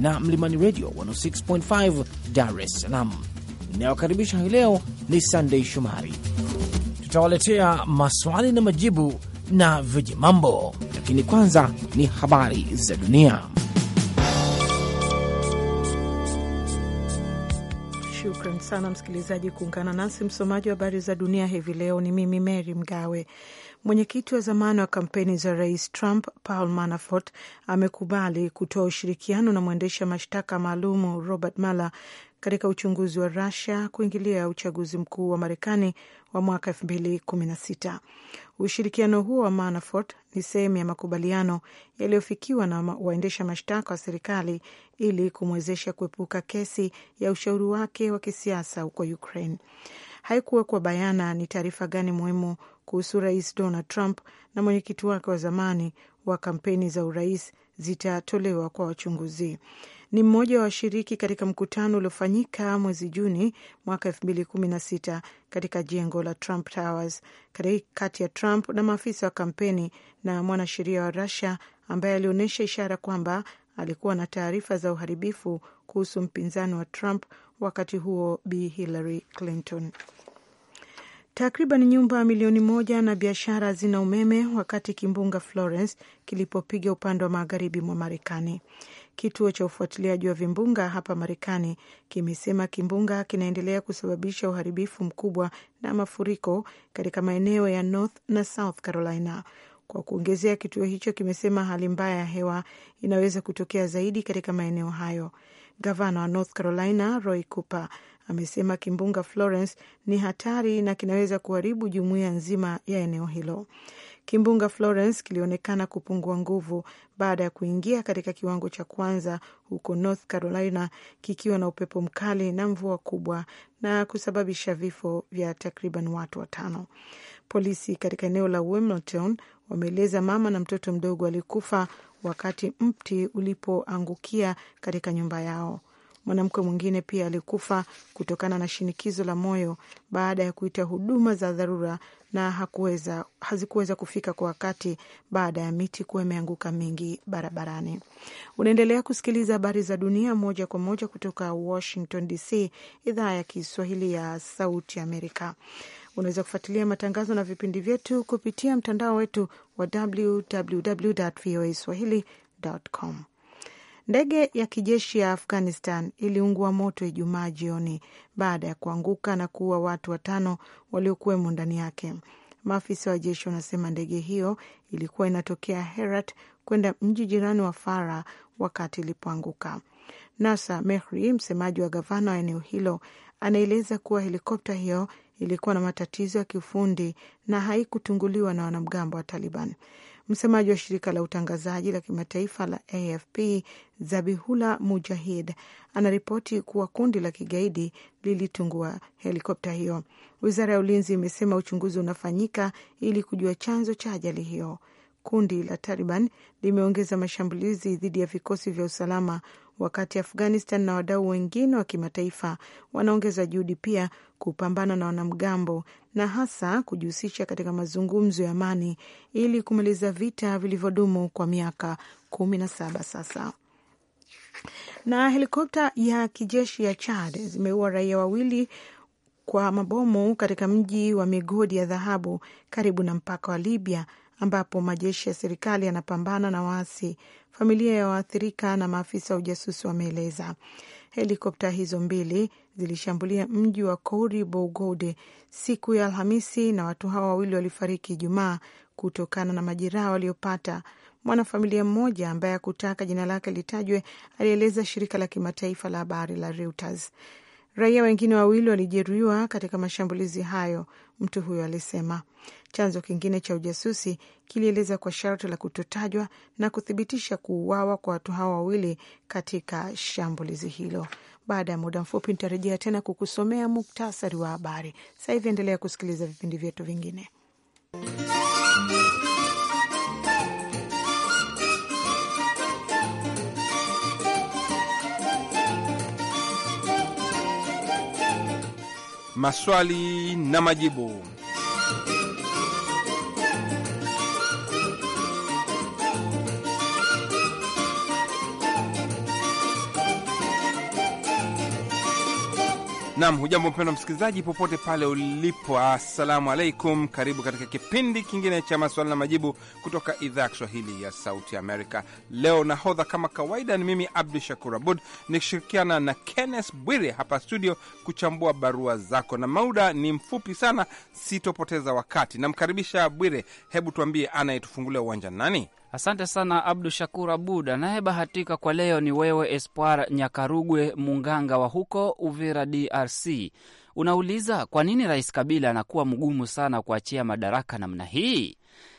na Mlimani Radio 106.5 Dar es Salaam. Inayokaribisha hii leo ni Sandei Shomari. Tutawaletea maswali na majibu na vijimambo, lakini kwanza ni habari za dunia. sana msikilizaji kuungana nasi. Msomaji wa habari za dunia hivi leo ni mimi Mary Mgawe. Mwenyekiti wa zamani wa kampeni za rais Trump, Paul Manafort, amekubali kutoa ushirikiano na mwendesha mashtaka maalumu Robert Mueller katika uchunguzi wa Rusia kuingilia uchaguzi mkuu wa Marekani wa mwaka 2016. Ushirikiano huo wa Manafort ni sehemu ya makubaliano yaliyofikiwa na waendesha mashtaka wa serikali ili kumwezesha kuepuka kesi ya ushauri wake wa kisiasa huko Ukraine. Haikuwekwa bayana ni taarifa gani muhimu kuhusu Rais Donald Trump na mwenyekiti wake wa zamani wa kampeni za urais zitatolewa kwa wachunguzi ni mmoja wa washiriki katika mkutano uliofanyika mwezi Juni mwaka elfu mbili kumi na sita katika jengo la Trump Towers kati ya Trump na maafisa wa kampeni na mwanasheria wa Rusia ambaye alionyesha ishara kwamba alikuwa na taarifa za uharibifu kuhusu mpinzani wa Trump wakati huo Bi Hillary Clinton. Takriban nyumba milioni moja na biashara zina umeme wakati kimbunga Florence kilipopiga upande wa magharibi mwa Marekani. Kituo cha ufuatiliaji wa vimbunga hapa Marekani kimesema kimbunga kinaendelea kusababisha uharibifu mkubwa na mafuriko katika maeneo ya North na South Carolina. Kwa kuongezea, kituo hicho kimesema hali mbaya ya hewa inaweza kutokea zaidi katika maeneo hayo. Gavana wa North Carolina Roy Cooper amesema kimbunga Florence ni hatari na kinaweza kuharibu jumuiya nzima ya eneo hilo. Kimbunga Florence kilionekana kupungua nguvu baada ya kuingia katika kiwango cha kwanza huko North Carolina kikiwa na upepo mkali na mvua kubwa na kusababisha vifo vya takriban watu watano. Polisi katika eneo la Wilmington wameeleza mama na mtoto mdogo alikufa wakati mti ulipoangukia katika nyumba yao. Mwanamke mwingine pia alikufa kutokana na shinikizo la moyo baada ya kuita huduma za dharura na hakuweza, hazikuweza kufika kwa wakati baada ya miti kuwa imeanguka mingi barabarani. Unaendelea kusikiliza habari za dunia moja kwa moja kutoka Washington DC, idhaa ya Kiswahili ya Sauti Amerika. Unaweza kufuatilia matangazo na vipindi vyetu kupitia mtandao wetu wa www voa swahili com Ndege ya kijeshi ya Afghanistan iliungua moto Ijumaa jioni baada ya kuanguka na kuua watu watano waliokuwemo ndani yake. Maafisa wa jeshi wanasema ndege hiyo ilikuwa inatokea Herat kwenda mji jirani wa Fara wakati ilipoanguka. Nasa Mehri, msemaji wa gavana wa eneo hilo, anaeleza kuwa helikopta hiyo ilikuwa na matatizo ya kiufundi na haikutunguliwa na wanamgambo wa Taliban. Msemaji wa shirika la utangazaji la kimataifa la AFP zabihula Mujahid anaripoti kuwa kundi la kigaidi lilitungua helikopta hiyo. Wizara ya ulinzi imesema uchunguzi unafanyika ili kujua chanzo cha ajali hiyo. Kundi la Taliban limeongeza mashambulizi dhidi ya vikosi vya usalama wakati Afghanistan na wadau wengine wa kimataifa wanaongeza juhudi pia kupambana na wanamgambo na hasa kujihusisha katika mazungumzo ya amani ili kumaliza vita vilivyodumu kwa miaka kumi na saba sasa. Na helikopta ya kijeshi ya Chad zimeua raia wawili kwa mabomu katika mji wa migodi ya dhahabu karibu na mpaka wa Libya ambapo majeshi ya serikali yanapambana na waasi familia ya waathirika na maafisa wa ujasusi wameeleza. Helikopta hizo mbili zilishambulia mji wa Kouri Bougode siku ya Alhamisi na watu hao wawili walifariki Ijumaa kutokana na majeraha waliopata. Mwanafamilia mmoja ambaye hakutaka jina lake litajwe alieleza shirika la kimataifa la habari la Reuters. Raia wengine wawili walijeruhiwa katika mashambulizi hayo, mtu huyo alisema. Chanzo kingine cha ujasusi kilieleza kwa sharti la kutotajwa na kuthibitisha kuuawa kwa watu hao wawili katika shambulizi hilo. Baada ya muda mfupi, nitarejea tena kukusomea muktasari wa habari. Sasa hivi endelea kusikiliza vipindi vyetu vingine. maswali na majibu. Nam, hujambo mpendwa msikilizaji, popote pale ulipo, assalamu alaikum. Karibu katika kipindi kingine cha maswali na majibu kutoka idhaa ya Kiswahili ya Sauti Amerika. Leo nahodha kama kawaida ni mimi Abdu Shakur Abud nikishirikiana na Kenneth Bwire hapa studio kuchambua barua zako, na mauda ni mfupi sana, sitopoteza wakati. Namkaribisha Bwire, hebu tuambie anayetufungulia uwanja nani? Asante sana Abdu Shakur Abud. Anayebahatika kwa leo ni wewe Espoir Nyakarugwe Munganga wa huko Uvira, DRC. Unauliza, kwa nini Rais Kabila anakuwa mgumu sana kuachia madaraka namna hii?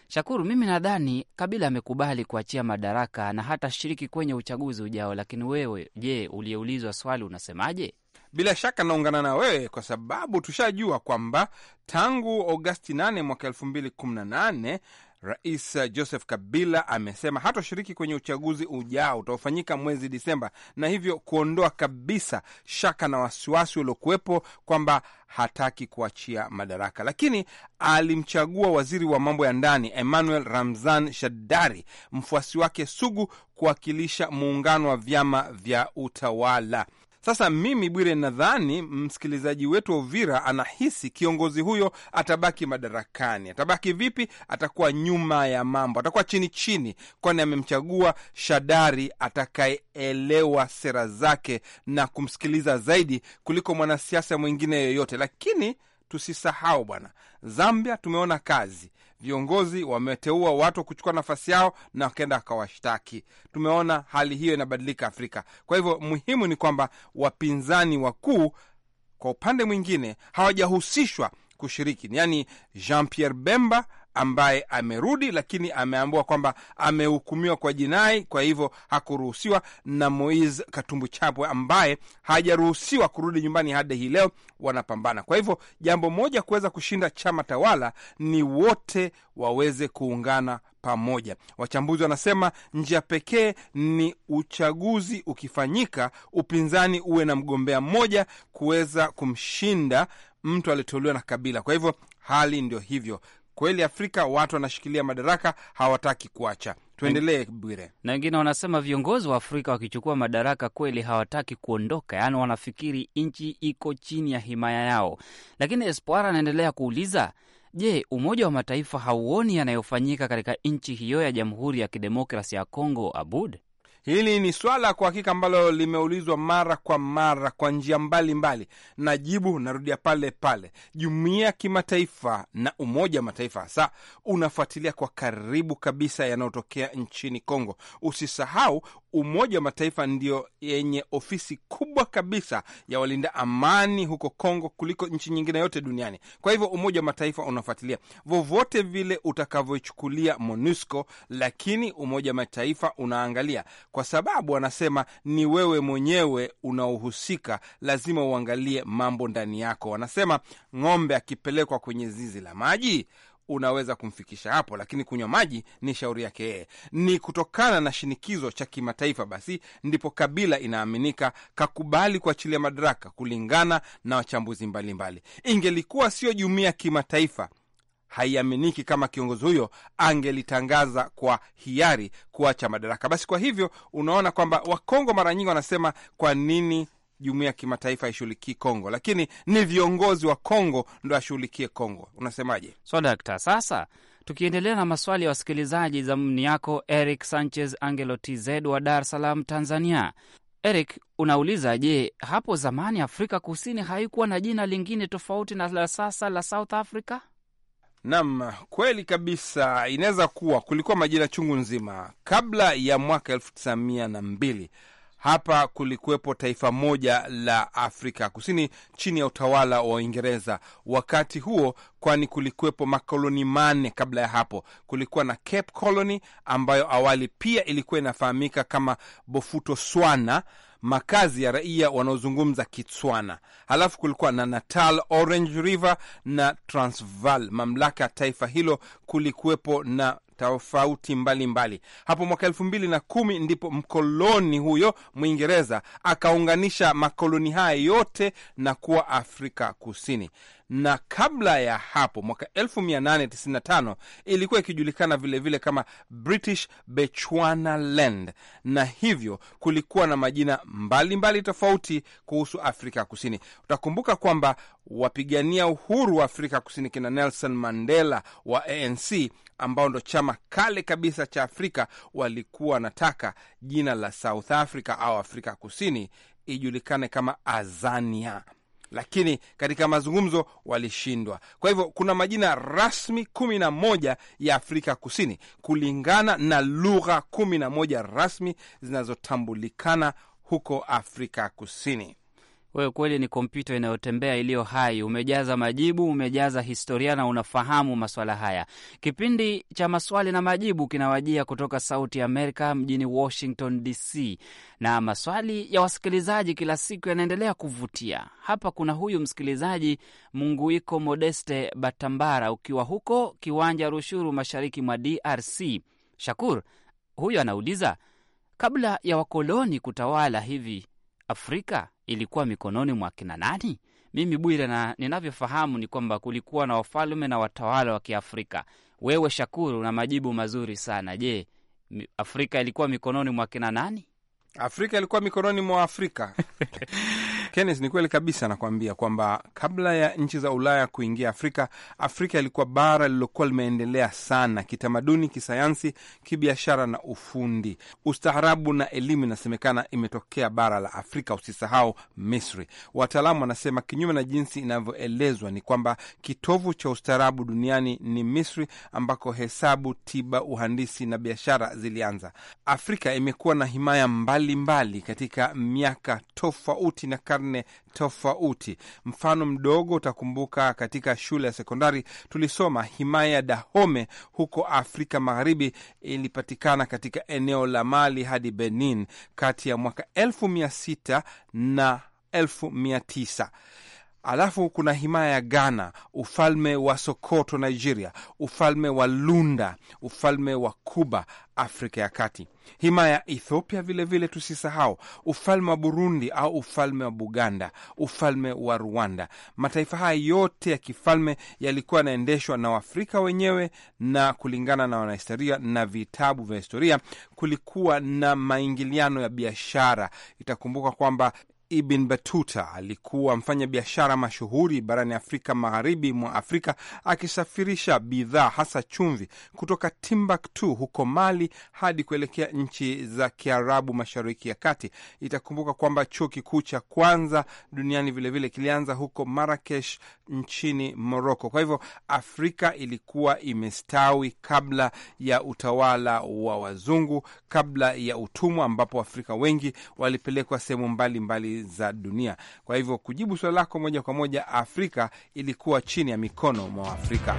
Shakuru, mimi nadhani Kabila amekubali kuachia madaraka na hata shiriki kwenye uchaguzi ujao, lakini wewe je, uliyeulizwa swali unasemaje? Bila shaka naungana na wewe kwa sababu tushajua kwamba tangu Agosti 8 mwaka 2018 Rais uh, Joseph Kabila amesema hatoshiriki kwenye uchaguzi ujao utaofanyika mwezi Disemba, na hivyo kuondoa kabisa shaka na wasiwasi uliokuwepo kwamba hataki kuachia madaraka. Lakini alimchagua waziri wa mambo ya ndani Emmanuel Ramzan Shadari, mfuasi wake sugu, kuwakilisha muungano wa vyama vya utawala. Sasa mimi Bwire, nadhani msikilizaji wetu wa Uvira anahisi kiongozi huyo atabaki madarakani. Atabaki vipi? Atakuwa nyuma ya mambo, atakuwa chini chini, kwani amemchagua shadari atakayeelewa sera zake na kumsikiliza zaidi kuliko mwanasiasa mwingine yoyote. Lakini tusisahau bwana, Zambia tumeona kazi viongozi wameteua watu kuchukua nafasi yao na wakaenda wakawashtaki. Tumeona hali hiyo inabadilika Afrika. Kwa hivyo muhimu ni kwamba wapinzani wakuu kwa upande mwingine hawajahusishwa kushiriki, yaani Jean Pierre Bemba ambaye amerudi, lakini ameambua kwamba amehukumiwa kwa jinai, kwa hivyo hakuruhusiwa, na mois katumbu Chapwe ambaye hajaruhusiwa kurudi nyumbani hadi hii leo, wanapambana. Kwa hivyo jambo moja kuweza kushinda chama tawala ni wote waweze kuungana pamoja. Wachambuzi wanasema njia pekee ni uchaguzi ukifanyika, upinzani uwe na mgombea mmoja kuweza kumshinda mtu aliyeteuliwa na Kabila. Kwa hivyo hali ndio hivyo. Kweli Afrika watu wanashikilia madaraka, hawataki kuacha. Tuendelee Bwire. Na wengine wanasema viongozi wa Afrika wakichukua madaraka kweli hawataki kuondoka, yaani wanafikiri nchi iko chini ya himaya yao. Lakini Espoara anaendelea kuuliza, je, Umoja wa Mataifa hauoni yanayofanyika katika nchi hiyo ya Jamhuri ya Kidemokrasi ya congo Abud Hili ni swala kwa hakika ambalo limeulizwa mara kwa mara kwa njia mbalimbali, na jibu narudia pale pale. Jumuiya ya kimataifa na Umoja wa Mataifa hasa unafuatilia kwa karibu kabisa yanayotokea nchini Kongo. Usisahau Umoja wa Mataifa ndiyo yenye ofisi kubwa kabisa ya walinda amani huko Kongo kuliko nchi nyingine yote duniani. Kwa hivyo Umoja wa Mataifa unafuatilia vovote vile utakavyochukulia MONUSCO, lakini Umoja wa Mataifa unaangalia, kwa sababu wanasema ni wewe mwenyewe unaohusika, lazima uangalie mambo ndani yako. Wanasema ng'ombe akipelekwa kwenye zizi la maji unaweza kumfikisha hapo, lakini kunywa maji ni shauri yake yeye. Ni kutokana na shinikizo cha kimataifa, basi ndipo Kabila inaaminika kakubali kuachilia madaraka, kulingana na wachambuzi mbalimbali. Ingelikuwa sio jumuiya ya kimataifa haiaminiki kama kiongozi huyo angelitangaza kwa hiari kuacha madaraka. Basi kwa hivyo unaona kwamba Wakongo mara nyingi wanasema kwa nini jumuia ya kimataifa aishughulikii Kongo, lakini ni viongozi wa Kongo ndo ashughulikie Kongo. Unasemaje? So dakta, sasa tukiendelea na maswali ya wasikilizaji, zamuni yako Eric Sanchez Angelo TZ wa Dar es Salaam, Tanzania. Eric unauliza, je, hapo zamani Afrika Kusini haikuwa na jina lingine tofauti na la sasa la South Africa? Nam, kweli kabisa. Inaweza kuwa kulikuwa majina chungu nzima kabla ya mwaka elfu tisa mia na mbili hapa kulikuwepo taifa moja la Afrika Kusini chini ya utawala wa Uingereza wakati huo, kwani kulikuwepo makoloni manne kabla ya hapo. Kulikuwa na Cape Colony ambayo awali pia ilikuwa inafahamika kama bofutoswana makazi ya raia wanaozungumza Kitswana. Halafu kulikuwa na Natal, Orange River na Transvaal, mamlaka ya taifa hilo. Kulikuwepo na tofauti mbalimbali. Hapo mwaka elfu mbili na kumi ndipo mkoloni huyo Mwingereza akaunganisha makoloni haya yote na kuwa Afrika Kusini na kabla ya hapo mwaka 1895 ilikuwa ikijulikana vilevile kama British land na hivyo kulikuwa na majina mbalimbali mbali tofauti kuhusu Afrika Kusini. Utakumbuka kwamba wapigania uhuru wa Afrika Kusini kina Nelson Mandela wa ANC ambao ndo chama kale kabisa cha Afrika walikuwa wanataka jina la South Africa au Afrika Kusini ijulikane kama Azania lakini katika mazungumzo walishindwa. Kwa hivyo kuna majina rasmi kumi na moja ya Afrika Kusini kulingana na lugha kumi na moja rasmi zinazotambulikana huko Afrika Kusini. Wewe kweli ni kompyuta inayotembea iliyo hai. Umejaza majibu, umejaza historia na unafahamu maswala haya. Kipindi cha maswali na majibu kinawajia kutoka Sauti ya Amerika mjini Washington DC, na maswali ya wasikilizaji kila siku yanaendelea kuvutia. Hapa kuna huyu msikilizaji Munguiko Modeste Batambara, ukiwa huko Kiwanja Rushuru, mashariki mwa DRC. Shakur, huyu anauliza kabla ya wakoloni kutawala hivi Afrika ilikuwa mikononi mwa kina nani? Mimi Bwire, na ninavyofahamu ni kwamba kulikuwa na wafalme na watawala wa Kiafrika. Wewe Shakuru na majibu mazuri sana. Je, Afrika ilikuwa mikononi mwa kina nani? Afrika ilikuwa mikononi mwa Afrika. Kenneth, ni kweli kabisa, nakuambia kwamba kabla ya nchi za Ulaya kuingia Afrika, Afrika ilikuwa bara lililokuwa limeendelea sana kitamaduni, kisayansi, kibiashara na ufundi. Ustaarabu na elimu inasemekana imetokea bara la Afrika, usisahau Misri. Wataalamu wanasema kinyume na jinsi inavyoelezwa ni kwamba kitovu cha ustaarabu duniani ni Misri, ambako hesabu, tiba, uhandisi na biashara zilianza. Afrika imekuwa na himaya mbalimbali mbali katika miaka tofauti na karne tofauti. Mfano mdogo utakumbuka, katika shule ya sekondari tulisoma himaya ya Dahome huko Afrika Magharibi, ilipatikana katika eneo la Mali hadi Benin kati ya mwaka elfu mia sita na elfu mia tisa. Alafu kuna himaya ya Ghana, ufalme wa Sokoto Nigeria, ufalme wa Lunda, ufalme wa Kuba Afrika ya Kati, himaya ya Ethiopia vilevile, tusisahau ufalme wa Burundi au ufalme wa Buganda, ufalme wa Rwanda. Mataifa haya yote ya kifalme yalikuwa yanaendeshwa na Waafrika wenyewe, na kulingana na wanahistoria na vitabu vya historia, kulikuwa na maingiliano ya biashara. Itakumbuka kwamba Ibn Batuta alikuwa mfanya biashara mashuhuri barani Afrika magharibi mwa Afrika, akisafirisha bidhaa hasa chumvi kutoka Timbuktu huko Mali hadi kuelekea nchi za Kiarabu mashariki ya kati. Itakumbuka kwamba chuo kikuu cha kwanza duniani vilevile vile kilianza huko Marakesh nchini Moroko. Kwa hivyo Afrika ilikuwa imestawi kabla ya utawala wa wazungu, kabla ya utumwa, ambapo Waafrika wengi walipelekwa sehemu mbalimbali za dunia. Kwa hivyo kujibu suala lako moja kwa moja, Afrika ilikuwa chini ya mikono mwa Afrika.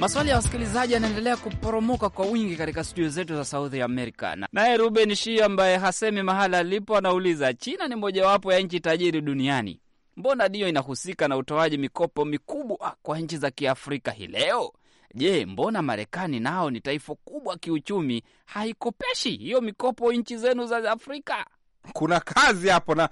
Maswali ya wasikilizaji yanaendelea kuporomoka kwa wingi katika studio zetu za Sauthi Amerika. Naye Ruben Shi ambaye hasemi mahala alipo anauliza, China ni mojawapo ya nchi tajiri duniani, mbona ndiyo inahusika na utoaji mikopo mikubwa kwa nchi za kiafrika hii leo? Je, mbona Marekani nao ni taifa kubwa kiuchumi, haikopeshi hiyo mikopo nchi zenu za Afrika? Kuna kazi hapo na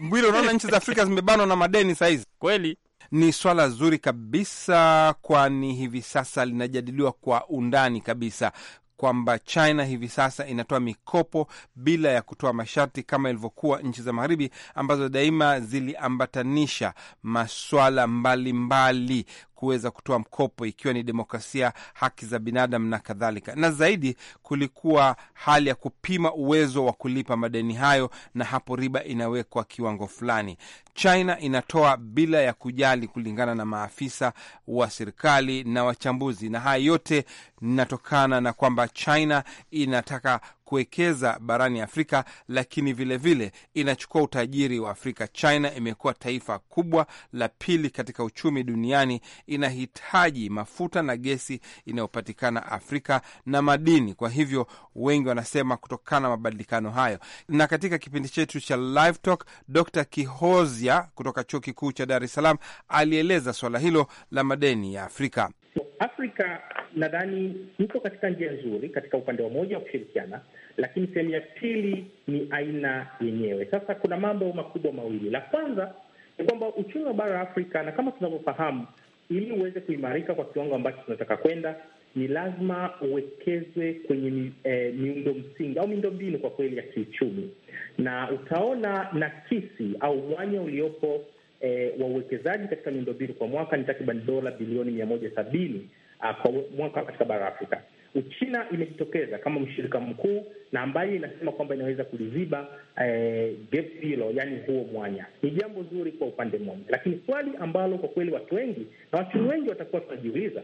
mbwili, unaona nchi za Afrika zimebanwa na madeni sahizi kweli ni swala zuri kabisa, kwani hivi sasa linajadiliwa kwa undani kabisa kwamba China hivi sasa inatoa mikopo bila ya kutoa masharti kama ilivyokuwa nchi za Magharibi ambazo daima ziliambatanisha maswala mbalimbali mbali kuweza kutoa mkopo, ikiwa ni demokrasia, haki za binadamu na kadhalika. Na zaidi kulikuwa hali ya kupima uwezo wa kulipa madeni hayo, na hapo riba inawekwa kiwango fulani. China inatoa bila ya kujali, kulingana na maafisa wa serikali na wachambuzi, na haya yote inatokana na kwamba China inataka kuwekeza barani Afrika, lakini vilevile vile inachukua utajiri wa Afrika. China imekuwa taifa kubwa la pili katika uchumi duniani, inahitaji mafuta na gesi inayopatikana Afrika na madini. Kwa hivyo wengi wanasema kutokana na mabadilikano hayo. Na katika kipindi chetu cha Live Talk, Dr Kihozia kutoka chuo kikuu cha Dar es Salaam alieleza suala hilo la madeni ya Afrika. Afrika nadhani iko katika njia nzuri katika upande wa moja wa kushirikiana, lakini sehemu ya pili ni aina yenyewe. Sasa kuna mambo makubwa mawili. La kwanza ni kwamba uchumi wa bara Afrika, na kama tunavyofahamu, ili uweze kuimarika kwa kiwango ambacho tunataka kwenda, ni lazima uwekezwe kwenye eh, miundo msingi au miundo mbinu kwa kweli ya kiuchumi, na utaona nakisi au mwanya uliopo e, eh, wa uwekezaji katika miundombinu kwa mwaka ni takriban dola bilioni mia moja sabini ah, kwa mwaka katika bara Afrika. Uchina imejitokeza kama mshirika mkuu na ambaye inasema kwamba inaweza kuliziba e, gap hilo, yani huo mwanya. Ni jambo zuri kwa upande mmoja, lakini swali ambalo kwa kweli watu wengi na wachumi wengi watakuwa tunajiuliza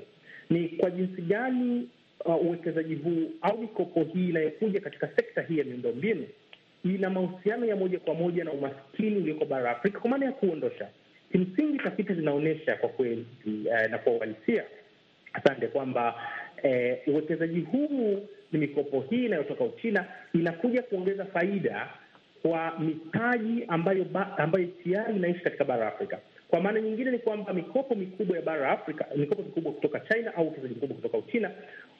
ni kwa jinsi gani ah, uwekezaji uh, huu au mikopo hii inayokuja katika sekta hii ya miundombinu ina mahusiano ya moja kwa moja na umaskini ulioko bara la Afrika kwa maana ya kuondosha. Kimsingi tafiti zinaonyesha kwa kweli eh, na kwa uhalisia asante, kwamba eh, uwekezaji huu ni mikopo hii inayotoka Uchina inakuja kuongeza faida kwa mitaji ambayo, ambayo tayari inaishi katika bara la Afrika. Kwa maana nyingine ni kwamba mikopo mikubwa ya bara la Afrika, mikopo mikubwa kutoka China au uwekezaji mkubwa kutoka Uchina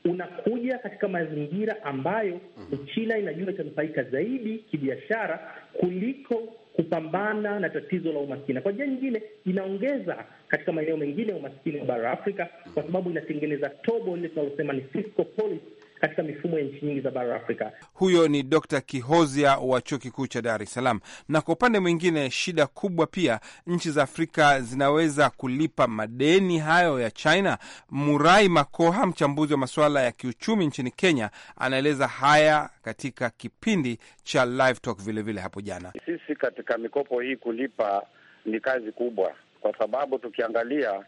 unakuja katika mazingira ambayo mhm. Uchina inajua itanufaika zaidi kibiashara kuliko kupambana na tatizo la umaskini. Kwa njia nyingine, inaongeza katika maeneo mengine ya umaskini wa bara la Afrika, kwa sababu inatengeneza tobo lile tunalosema ni fiscal policy katika mifumo ya nchi nyingi za bara la Afrika. Huyo ni Dr. Kihozia wa chuo kikuu cha Dar es Salaam. Na kwa upande mwingine, shida kubwa pia nchi za Afrika zinaweza kulipa madeni hayo ya China. Murai Makoha, mchambuzi wa masuala ya kiuchumi nchini Kenya, anaeleza haya katika kipindi cha Live Talk vilevile hapo jana. Sisi katika mikopo hii kulipa ni kazi kubwa, kwa sababu tukiangalia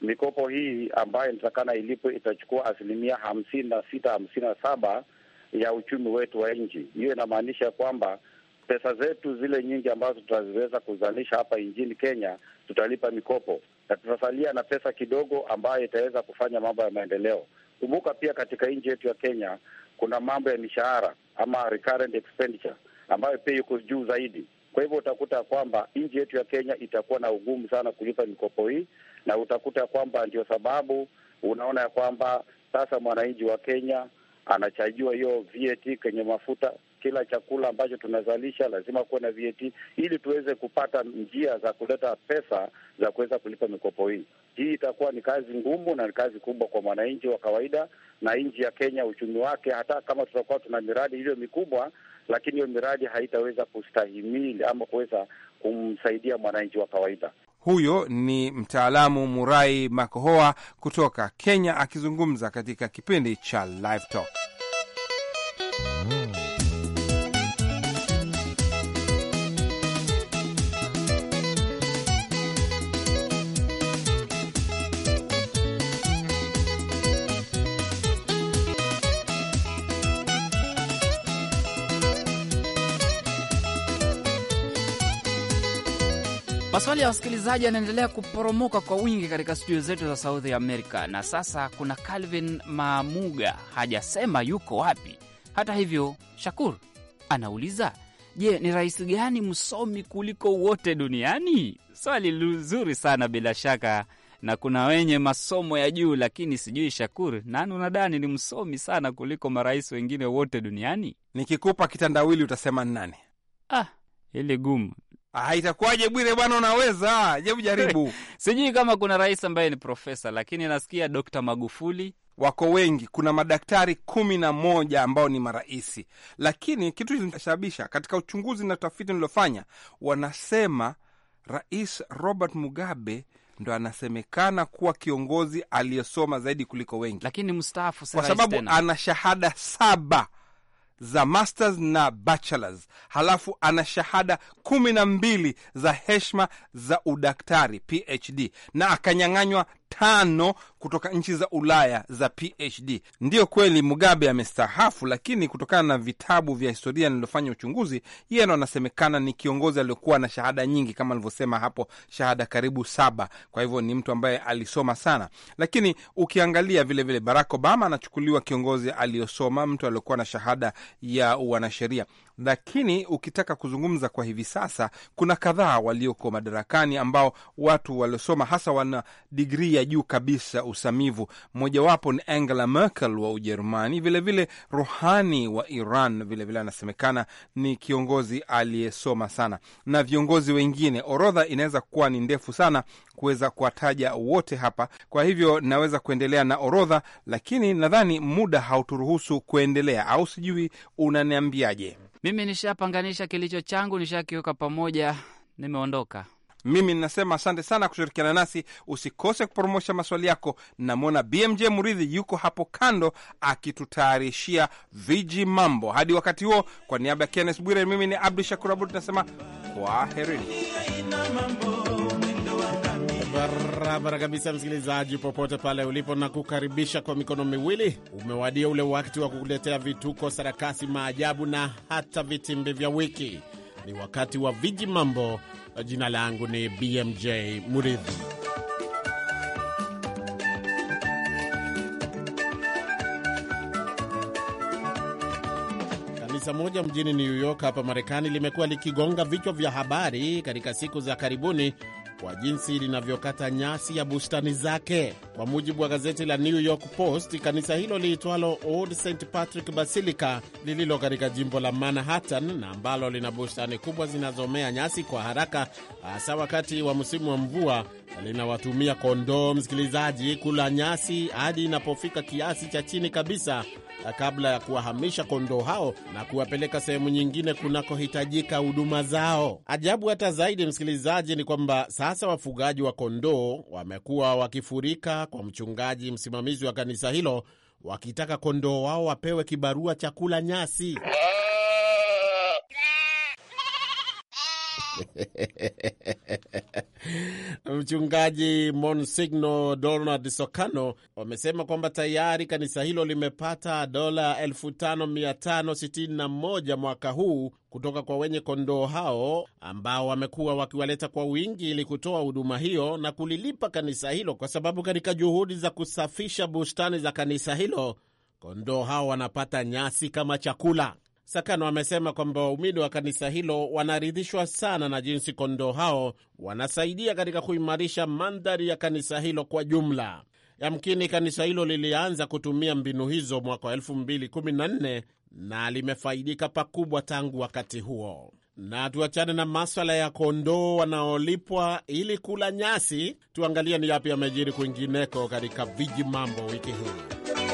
mikopo hii ambayo inatakana ilipo itachukua asilimia hamsini na sita hamsini na saba ya uchumi wetu wa nchi. Hiyo inamaanisha kwamba pesa zetu zile nyingi ambazo tutaziweza kuzalisha hapa nchini Kenya tutalipa mikopo na tutasalia na pesa kidogo ambayo itaweza kufanya mambo ya maendeleo. Kumbuka pia katika nchi yetu ya Kenya kuna mambo ya mishahara ama recurrent expenditure ambayo pia iko juu zaidi. Kwa hivyo utakuta kwamba nchi yetu ya Kenya itakuwa na ugumu sana kulipa mikopo hii, na utakuta kwamba ndio sababu unaona ya kwamba sasa mwananchi wa Kenya anachajiwa hiyo VAT kwenye mafuta. Kila chakula ambacho tunazalisha lazima kuwe na VAT ili tuweze kupata njia za kuleta pesa za kuweza kulipa mikopo hii. Hii itakuwa ni kazi ngumu na ni kazi kubwa kwa mwananchi wa kawaida na nchi ya Kenya, uchumi wake, hata kama tutakuwa tuna miradi hiyo mikubwa, lakini hiyo miradi haitaweza kustahimili ama kuweza kumsaidia mwananchi wa kawaida. Huyo ni mtaalamu Murai Makohoa kutoka Kenya akizungumza katika kipindi cha Live Talk. Maswali ya wasikilizaji yanaendelea kuporomoka kwa wingi katika studio zetu za Sauthi ya Amerika, na sasa kuna Calvin Maamuga hajasema yuko wapi. Hata hivyo, Shakur anauliza je, ni rais gani msomi kuliko wote duniani? Swali zuri sana bila shaka, na kuna wenye masomo ya juu, lakini sijui Shakur, nani unadani ni msomi sana kuliko marais wengine wote duniani? Nikikupa kitandawili utasema nani? Ah, ili gumu Ah, itakuwaje Bwire bwana, unaweza jebu jaribu. Sijui kama kuna rais ambaye ni profesa, lakini nasikia Dkt Magufuli wako wengi. Kuna madaktari kumi na moja ambao ni maraisi, lakini kitu kinashabisha katika uchunguzi na utafiti niliofanya, wanasema Rais Robert Mugabe ndo anasemekana kuwa kiongozi aliyesoma zaidi kuliko wengi, lakini mstaafu, kwa sababu ana shahada saba za masters na bachelors, halafu ana shahada kumi na mbili za heshima za udaktari PhD, na akanyang'anywa tano kutoka nchi za Ulaya za PhD. Ndiyo kweli Mugabe amestahafu, lakini kutokana na vitabu vya historia nilofanya uchunguzi, yeno anasemekana ni kiongozi aliyokuwa na shahada nyingi, kama alivyosema hapo, shahada karibu saba. Kwa hivyo ni mtu ambaye alisoma sana, lakini ukiangalia vilevile vile, Barack Obama anachukuliwa kiongozi aliyosoma, mtu aliyokuwa na shahada ya wanasheria lakini ukitaka kuzungumza kwa hivi sasa, kuna kadhaa walioko madarakani ambao watu waliosoma hasa wana digrii ya juu kabisa usamivu. mojawapo ni Angela Merkel wa Ujerumani, vilevile Rohani wa Iran, vilevile anasemekana vile ni kiongozi aliyesoma sana, na viongozi wengine. Orodha inaweza kuwa ni ndefu sana, kuweza kuwataja wote hapa, kwa hivyo naweza kuendelea na orodha, lakini nadhani muda hauturuhusu kuendelea, au sijui unaniambiaje? Mimi nishapanganisha kilicho changu, nishakiweka pamoja, nimeondoka. Mimi ninasema asante sana kushirikiana nasi. Usikose kupromosha maswali yako. Namwona BMJ Muridhi yuko hapo kando akitutayarishia viji mambo. Hadi wakati huo, kwa niaba ya Kennes Bwire, mimi ni Abdu Shakur Abud nasema kwaherini. Barabara kabisa, msikilizaji, popote pale ulipo, na kukaribisha kwa mikono miwili. Umewadia ule wakati wa kukuletea vituko, sarakasi, maajabu na hata vitimbi vya wiki. Ni wakati wa viji mambo. Jina langu ni BMJ Muridhi. Kanisa moja mjini New York hapa Marekani limekuwa likigonga vichwa vya habari katika siku za karibuni kwa jinsi linavyokata nyasi ya bustani zake. Kwa mujibu wa gazeti la New York Post, kanisa hilo liitwalo Old St Patrick Basilica lililo katika jimbo la Manhattan na ambalo lina bustani kubwa zinazomea nyasi kwa haraka, hasa wakati wa msimu wa mvua, linawatumia kondoo, msikilizaji, kula nyasi hadi inapofika kiasi cha chini kabisa kabla ya kuwahamisha kondoo hao na kuwapeleka sehemu nyingine kunakohitajika huduma zao. Ajabu hata zaidi, msikilizaji, ni kwamba sasa wafugaji wa kondoo wamekuwa wakifurika kwa mchungaji msimamizi wa kanisa hilo wakitaka kondoo wao wapewe kibarua cha kula nyasi. Mchungaji Monsigno Donald socano wamesema kwamba tayari kanisa hilo limepata dola 5561 mwaka huu kutoka kwa wenye kondoo hao ambao wamekuwa wakiwaleta kwa wingi ili kutoa huduma hiyo na kulilipa kanisa hilo, kwa sababu katika juhudi za kusafisha bustani za kanisa hilo kondoo hao wanapata nyasi kama chakula. Sakano amesema kwamba waumini wa kanisa hilo wanaridhishwa sana na jinsi kondoo hao wanasaidia katika kuimarisha mandhari ya kanisa hilo kwa jumla. Yamkini kanisa hilo lilianza kutumia mbinu hizo mwaka wa 2014 na limefaidika pakubwa tangu wakati huo. Na tuachane na maswala ya kondoo wanaolipwa ili kula nyasi, tuangalie ni yapi yamejiri kwingineko katika viji mambo wiki hii.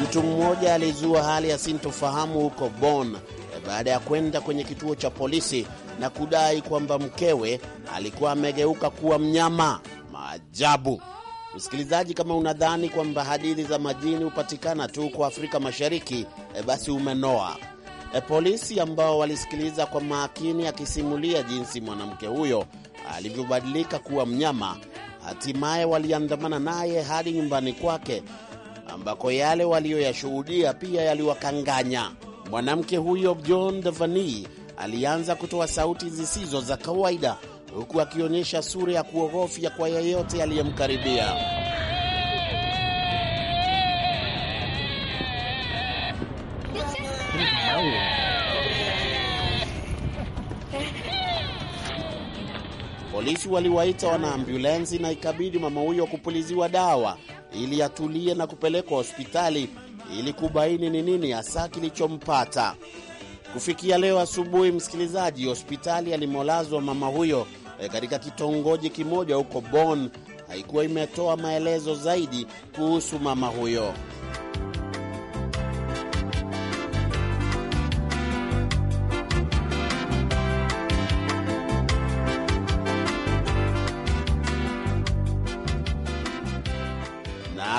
Mtu mmoja alizua hali ya sintofahamu huko Bonn eh, baada ya kwenda kwenye kituo cha polisi na kudai kwamba mkewe alikuwa amegeuka kuwa mnyama. Maajabu! Msikilizaji, kama unadhani kwamba hadithi za majini hupatikana tu kwa Afrika Mashariki, e, basi umenoa. E, polisi ambao walisikiliza kwa makini akisimulia jinsi mwanamke huyo alivyobadilika kuwa mnyama, hatimaye waliandamana naye hadi nyumbani kwake ambako yale waliyoyashuhudia pia yaliwakanganya. Mwanamke huyo John Devani alianza kutoa sauti zisizo za kawaida, huku akionyesha sura ya kuogofya kwa yeyote aliyemkaribia. Polisi waliwaita wanaambulensi na ikabidi mama huyo kupuliziwa dawa ili atulie na kupelekwa hospitali ili kubaini ni nini hasa kilichompata. Kufikia leo asubuhi, msikilizaji, hospitali alimolazwa mama huyo eh, katika kitongoji kimoja huko Bonn haikuwa imetoa maelezo zaidi kuhusu mama huyo.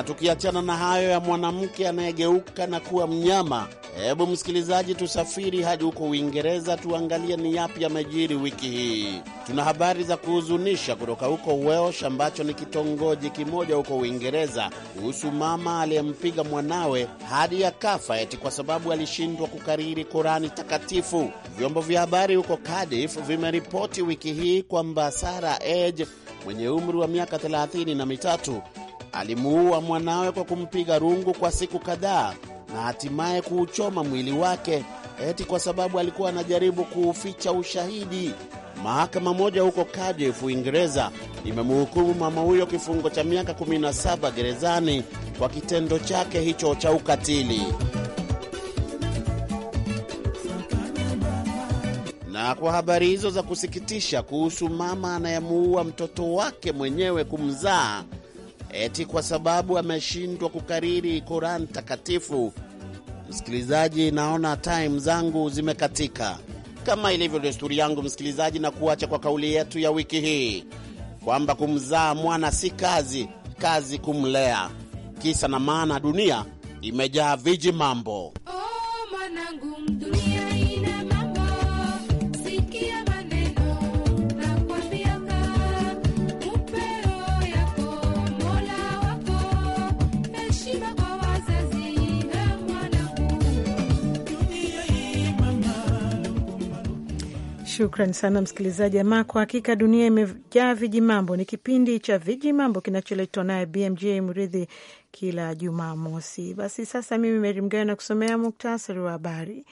tukiachana na hayo ya mwanamke anayegeuka na kuwa mnyama, hebu msikilizaji, tusafiri hadi huko Uingereza tuangalie ni yapi yamejiri wiki hii. Tuna habari za kuhuzunisha kutoka huko Welsh, ambacho ni kitongoji kimoja huko Uingereza, kuhusu mama aliyempiga mwanawe hadi akafa eti kwa sababu alishindwa kukariri kurani takatifu. Vyombo vya habari huko Cardiff vimeripoti wiki hii kwamba Sarah Edge mwenye umri wa miaka thelathini na mitatu alimuua mwanawe kwa kumpiga rungu kwa siku kadhaa na hatimaye kuuchoma mwili wake, eti kwa sababu alikuwa anajaribu kuuficha ushahidi. Mahakama moja huko Cardiff, Uingereza, imemhukumu mama huyo kifungo cha miaka 17 gerezani kwa kitendo chake hicho cha ukatili. Na kwa habari hizo za kusikitisha kuhusu mama anayemuua mtoto wake mwenyewe kumzaa eti kwa sababu ameshindwa kukariri koran takatifu. Msikilizaji, naona time zangu zimekatika. Kama ilivyo desturi yangu, msikilizaji, na kuacha kwa kauli yetu ya wiki hii kwamba kumzaa mwana si kazi, kazi kumlea. Kisa na maana, dunia imejaa viji mambo. Oh, manangu, dunia ina Shukran sana msikilizaji. Ama kwa hakika dunia imejaa vijimambo. Ni kipindi cha vijimambo kinacholetwa naye BMJ Mridhi kila Jumamosi. Basi sasa, mimi Meri Mgawe na kusomea muktasari wa habari.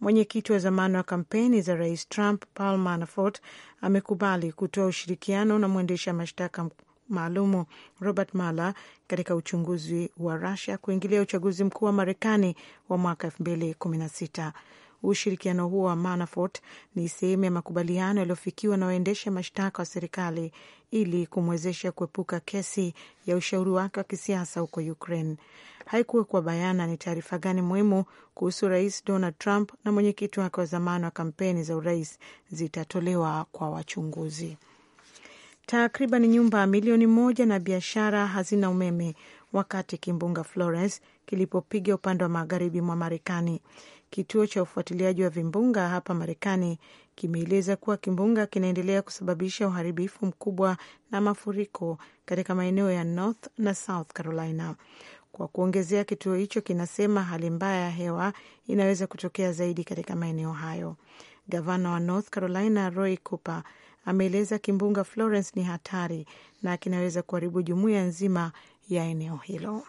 Mwenyekiti wa zamani wa kampeni za rais Trump, Paul Manafort, amekubali kutoa ushirikiano na mwendesha mashtaka maalumu Robert Mueller katika uchunguzi wa Russia kuingilia uchaguzi mkuu wa Marekani wa mwaka elfu mbili kumi na sita. Ushirikiano huo wa Manafort ni sehemu ya makubaliano yaliyofikiwa na waendesha mashtaka wa serikali ili kumwezesha kuepuka kesi ya ushauri wake wa kisiasa huko Ukraine. Haikuwekwa bayana ni taarifa gani muhimu kuhusu Rais Donald Trump na mwenyekiti wake wa zamani wa kampeni za urais zitatolewa kwa wachunguzi. Takriban nyumba milioni moja na biashara hazina umeme wakati kimbunga Florence kilipopiga upande wa magharibi mwa Marekani. Kituo cha ufuatiliaji wa vimbunga hapa Marekani kimeeleza kuwa kimbunga kinaendelea kusababisha uharibifu mkubwa na mafuriko katika maeneo ya North na South Carolina. Kwa kuongezea, kituo hicho kinasema hali mbaya ya hewa inaweza kutokea zaidi katika maeneo hayo. Gavana wa North Carolina Roy Cooper ameeleza kimbunga Florence ni hatari na kinaweza kuharibu jumuiya nzima ya eneo hilo.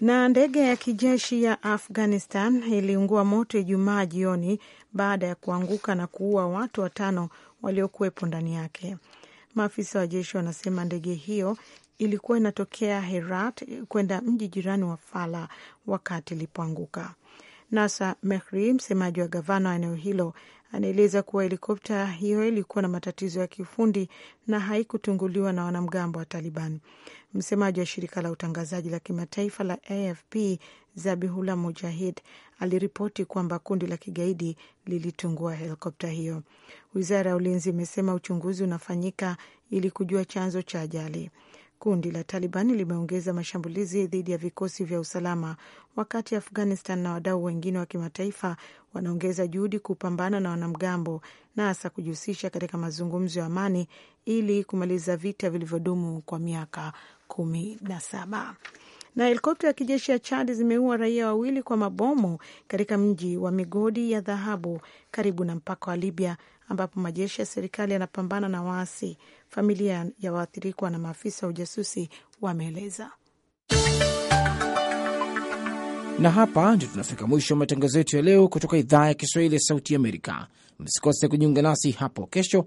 Na ndege ya kijeshi ya Afghanistan iliungua moto Ijumaa jioni baada ya kuanguka na kuua watu watano waliokuwepo ndani yake. Maafisa wa jeshi wanasema ndege hiyo ilikuwa inatokea Herat kwenda mji jirani wa Fala wakati ilipoanguka. Nasa Mehri, msemaji wa gavana wa eneo hilo, anaeleza kuwa helikopta hiyo ilikuwa na matatizo ya kiufundi na haikutunguliwa na wanamgambo wa Taliban. Msemaji wa shirika la utangazaji la kimataifa la AFP Zabihullah Mujahid aliripoti kwamba kundi la kigaidi lilitungua helikopta hiyo. Wizara ya ulinzi imesema uchunguzi unafanyika ili kujua chanzo cha ajali. Kundi la Taliban limeongeza mashambulizi dhidi ya vikosi vya usalama, wakati Afghanistan na wadau wengine wa kimataifa wanaongeza juhudi kupambana na wanamgambo na hasa kujihusisha katika mazungumzo ya amani ili kumaliza vita vilivyodumu kwa miaka kumi na saba. Na helikopta ya kijeshi ya Chad zimeua raia wawili kwa mabomu katika mji wa migodi ya dhahabu karibu na mpaka wa Libya, ambapo majeshi ya serikali yanapambana na waasi. Familia ya waathirikwa na maafisa wa ujasusi wameeleza. Na hapa ndio tunafika mwisho wa matangazo yetu ya leo kutoka idhaa ya Kiswahili ya Sauti Amerika. Msikose kujiunga nasi hapo kesho